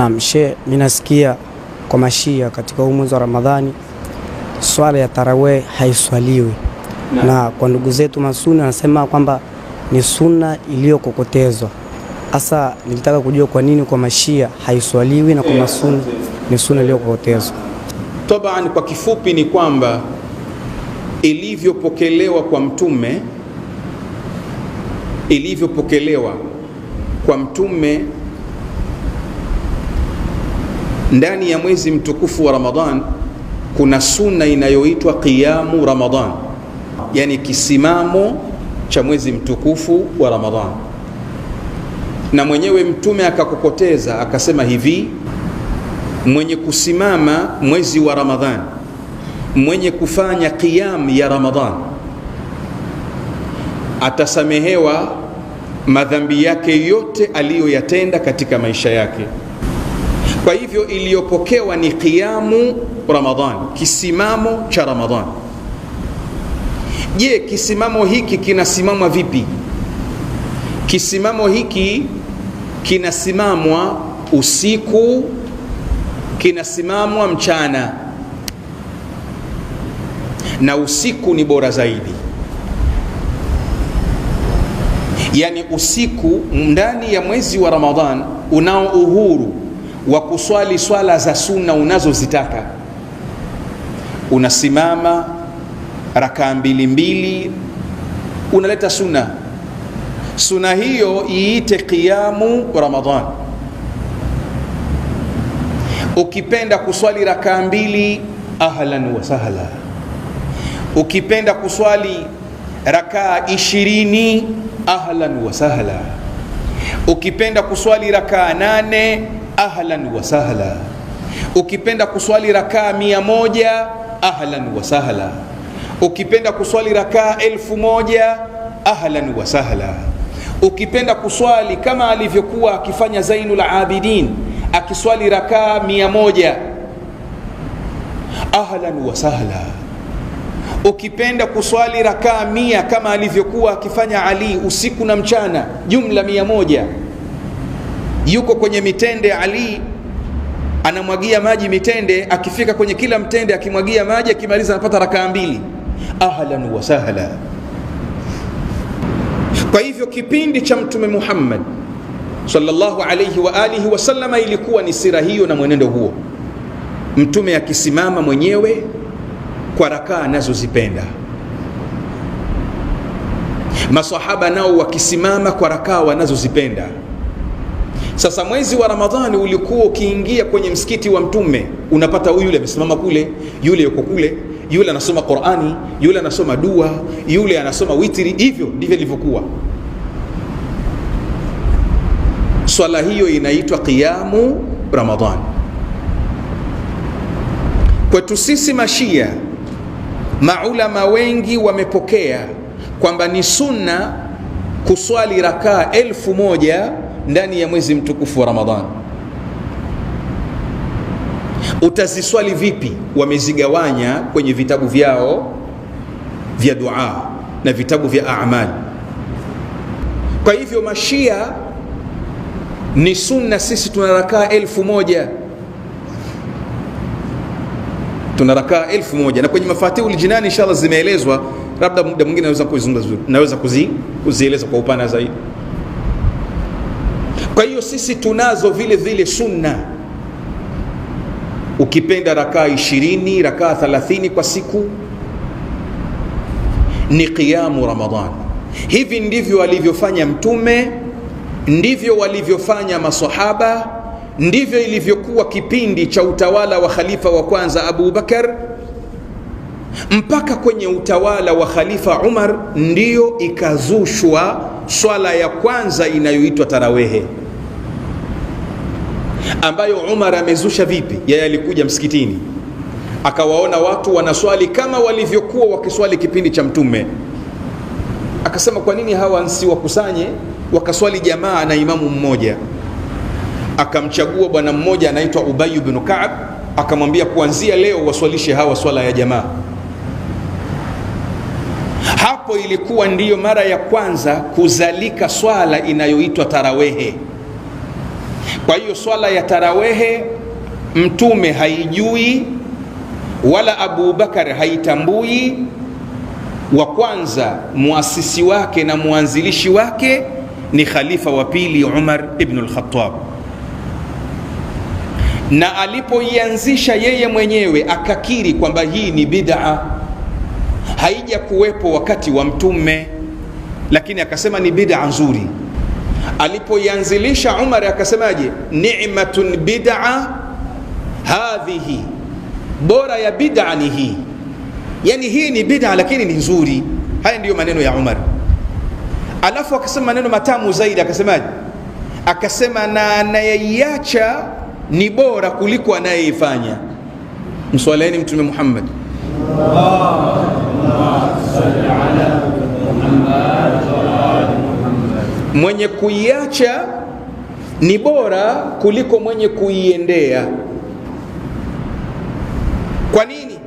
Naam, she minasikia kwa mashia katika huu mwezi wa Ramadhani swala ya tarawih haiswaliwi na, na kwa ndugu zetu masuni wanasema kwamba ni sunna iliyokokotezwa. Hasa nilitaka kujua kwa nini kwa mashia haiswaliwi na kwa masuni ni sunna iliyokokotezwa. Tabaan, kwa kifupi ni kwamba ilivyopokelewa kwa mtume ilivyopokelewa kwa mtume ndani ya mwezi mtukufu wa Ramadhan kuna sunna inayoitwa qiyamu Ramadhan, yani kisimamo cha mwezi mtukufu wa Ramadhan. Na mwenyewe Mtume akakokoteza akasema hivi, mwenye kusimama mwezi wa Ramadhan, mwenye kufanya qiyam ya Ramadhan atasamehewa madhambi yake yote aliyoyatenda katika maisha yake. Kwa hivyo iliyopokewa ni qiyamu Ramadhan, kisimamo cha Ramadhan. Je, kisimamo hiki kinasimamwa vipi? Kisimamo hiki kinasimamwa usiku, kinasimamwa mchana, na usiku ni bora zaidi. Yaani usiku ndani ya mwezi wa Ramadhan unao uhuru wa kuswali swala za sunna unazozitaka. Unasimama rakaa mbili mbili, unaleta sunna. Sunna hiyo iite qiyamu Ramadhan. Ukipenda kuswali rakaa mbili, ahlan wa sahla. Ukipenda kuswali rakaa ishirini, ahlan wa sahla. Ukipenda kuswali rakaa nane ahlan wa sahla. Ukipenda kuswali rakaa mia moja ahlan wa sahla. Ukipenda kuswali rakaa elfu moja ahlan wa sahla. Ukipenda kuswali kama alivyokuwa akifanya Zainul Abidin akiswali rakaa mia moja ahlan wa sahla. Ukipenda kuswali rakaa mia kama alivyokuwa akifanya Ali usiku na mchana, jumla mia moja yuko kwenye mitende Ali anamwagia maji mitende, akifika kwenye kila mtende akimwagia maji, akimaliza anapata rakaa mbili, ahlan wa sahla. Kwa hivyo kipindi cha Mtume Muhammad sallallahu alayhi wa alihi ilikuwa ni sira hiyo na mwenendo huo, mtume akisimama mwenyewe kwa rakaa anazozipenda, masahaba nao wakisimama kwa rakaa wanazozipenda sasa mwezi wa Ramadhani ulikuwa ukiingia kwenye msikiti wa Mtume unapata huyu yule amesimama kule, yule yuko kule, yule anasoma Qur'ani, yule anasoma dua, yule anasoma witiri. Hivyo ndivyo ilivyokuwa swala. Hiyo inaitwa qiyamu Ramadhani. Kwetu sisi Mashia, maulama wengi wamepokea kwamba ni sunna kuswali rakaa elfu moja ndani ya mwezi mtukufu wa Ramadhani. Utaziswali vipi? Wamezigawanya kwenye vitabu vyao vya dua na vitabu vya amali. Kwa hivyo mashia ni sunna, sisi tuna rakaa elfu moja tuna rakaa elfu moja na kwenye mafatihu jinani inshallah zimeelezwa, labda muda mwingine naweza kuzieleza kwa upana zaidi. Kwa hiyo sisi tunazo vile vile sunna, ukipenda rakaa ishirini rakaa thalathini kwa siku ni qiyamu Ramadan. Hivi ndivyo alivyofanya Mtume, ndivyo walivyofanya masahaba, ndivyo ilivyokuwa kipindi cha utawala wa khalifa wa kwanza Abu Bakar mpaka kwenye utawala wa khalifa Umar, ndiyo ikazushwa swala ya kwanza inayoitwa tarawehe ambayo Umar amezusha vipi? Yeye alikuja msikitini akawaona watu wanaswali kama walivyokuwa wakiswali kipindi cha Mtume, akasema kwa nini hawa nsi wakusanye wakaswali jamaa na imamu mmoja? Akamchagua bwana mmoja anaitwa Ubay bin Kaab, akamwambia kuanzia leo waswalishe hawa swala ya jamaa. Hapo ilikuwa ndiyo mara ya kwanza kuzalika swala inayoitwa tarawehe. Kwa hiyo swala ya tarawehe mtume haijui wala Abu Bakar haitambui. Wa kwanza muasisi wake na mwanzilishi wake ni khalifa wa pili Umar ibn al-Khattab, na alipoianzisha yeye mwenyewe akakiri kwamba hii ni bid'a, haija kuwepo wakati wa mtume, lakini akasema ni bid'a nzuri Alipoianzilisha Umar akasemaje? ni'matun bid'a hadhihi, bora ya bid'a ni hii. Yani hii ni bid'a lakini ni nzuri. Haya ndiyo maneno ya Umar. Alafu akasema maneno matamu zaidi, akasemaje? Akasema na anayeiacha ni bora kuliko anayeifanya. Mswaleni Mtume Muhammad. Allahumma salli ala Muhammad mwenye kuiacha ni bora kuliko mwenye kuiendea. Kwa nini?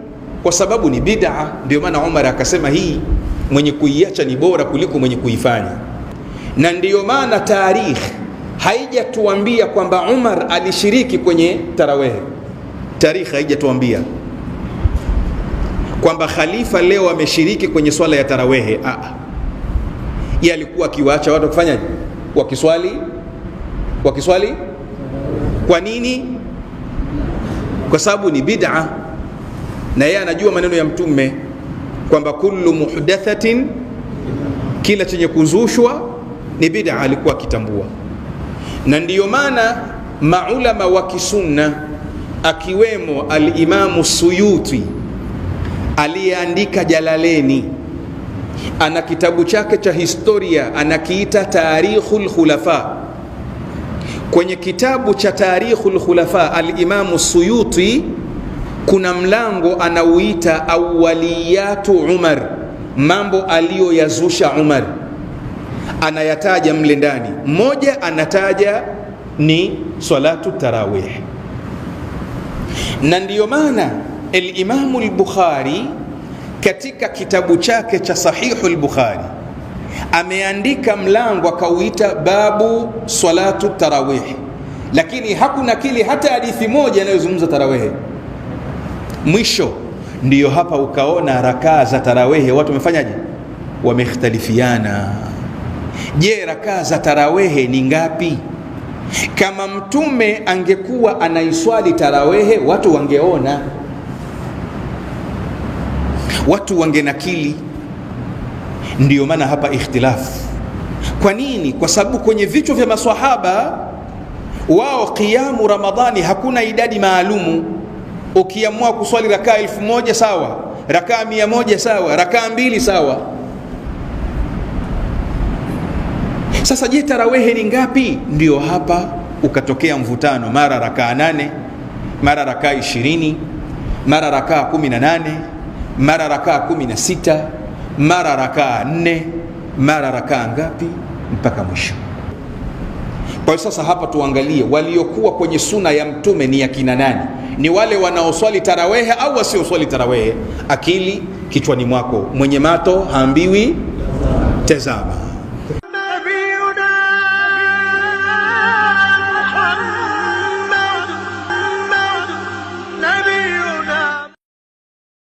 Kwa sababu ni bid'a. Ndio maana Umar akasema hii mwenye kuiacha ni bora kuliko mwenye kuifanya, na ndiyo maana tarikhi haijatuambia kwamba Umar alishiriki kwenye tarawehe. Tarikhi haijatuambia kwamba khalifa leo ameshiriki kwenye swala ya tarawehe. Aa. Ah, yeye alikuwa akiwaacha watu wakifanya wakiswali, wakiswali. Kwa nini? Kwa sababu ni bid'a, na yeye anajua maneno ya Mtume kwamba kullu muhdathatin, kila chenye kuzushwa ni bid'a. Alikuwa akitambua, na ndiyo maana maulama wa kisunna akiwemo alimamu Suyuti aliyeandika Jalaleni ana kitabu chake cha historia anakiita Tarikhul Khulafa. Kwenye kitabu cha Tarikhul Khulafa Alimamu Suyuti kuna mlango anauita awaliyatu Umar, mambo aliyoyazusha Umar anayataja mle ndani. Mmoja anataja ni salatu tarawih, na ndiyo maana Alimamu Al-Bukhari katika kitabu chake cha Sahihu al-Bukhari ameandika mlango akauita babu salatu tarawihi, lakini hakuna kile hata hadithi moja inayozungumza tarawehe Mwisho ndiyo hapa ukaona rakaa za tarawehe watu wamefanyaje, wamekhtalifiana. Je, rakaa za tarawehe ni ngapi? Kama mtume angekuwa anaiswali tarawehe watu wangeona watu wangenakili. Ndiyo maana hapa ikhtilafu. Kwa nini? Kwa sababu kwenye vichwa vya maswahaba wao qiyamu Ramadhani hakuna idadi maalumu. Ukiamua kuswali rakaa elfu moja sawa, rakaa mia moja sawa, rakaa mbili sawa. Sasa je, tarawehe ni ngapi? Ndio hapa ukatokea mvutano, mara rakaa nane, mara rakaa ishirini, mara rakaa kumi na nane mara rakaa kumi na sita mara rakaa nne mara rakaa ngapi mpaka mwisho. Kwa hiyo sasa hapa tuangalie waliokuwa kwenye suna ya mtume ni akina nani? Ni wale wanaoswali tarawehe au wasioswali tarawehe? Akili kichwani mwako, mwenye mato haambiwi tazama.